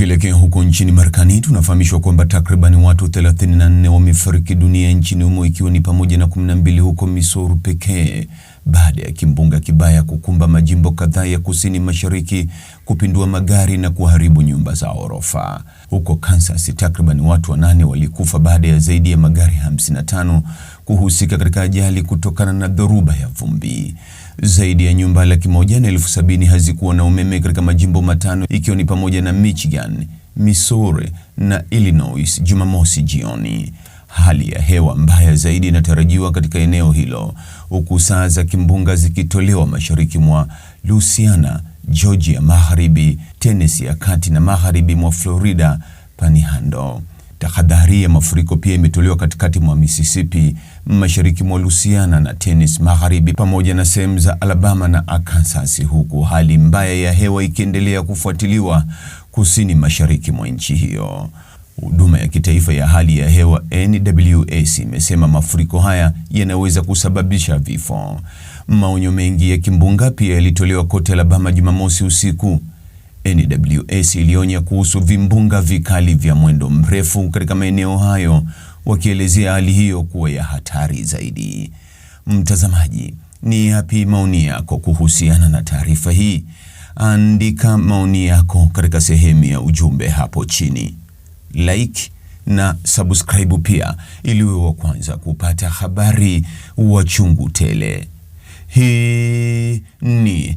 Tukielekea huko nchini Marekani, tunafahamishwa kwamba takriban watu 34 wamefariki dunia nchini humo ikiwa ni pamoja na 12 huko Misri pekee baada ya kimbunga kibaya kukumba majimbo kadhaa ya kusini mashariki, kupindua magari na kuharibu nyumba za orofa. Huko Kansas, takriban watu wanane walikufa baada ya zaidi ya magari 55 kuhusika katika ajali kutokana na dhoruba ya vumbi. Zaidi ya nyumba laki moja na elfu sabini hazikuwa na umeme katika majimbo matano ikiwa ni pamoja na Michigan, Missouri na Illinois Jumamosi jioni. Hali ya hewa mbaya zaidi inatarajiwa katika eneo hilo huku saa za kimbunga zikitolewa mashariki mwa Louisiana, Georgia magharibi, Tennessee ya kati na magharibi mwa Florida panihando. Tahadhari ya mafuriko pia imetolewa katikati mwa Mississippi, mashariki mwa Louisiana na Tennessee Magharibi pamoja na sehemu za Alabama na Arkansas, huku hali mbaya ya hewa ikiendelea kufuatiliwa kusini mashariki mwa nchi hiyo. Huduma ya kitaifa ya hali ya hewa NWS imesema mafuriko haya yanaweza kusababisha vifo. Maonyo mengi ya kimbunga pia yalitolewa kote Alabama Jumamosi usiku. NWS ilionya kuhusu vimbunga vikali vya mwendo mrefu katika maeneo hayo, wakielezea hali hiyo kuwa ya hatari zaidi. Mtazamaji, ni yapi maoni yako kuhusiana na taarifa hii? Andika maoni yako katika sehemu ya ujumbe hapo chini. Like na subscribe pia ili uwe wa kwanza kupata habari wa chungu tele. Hii ni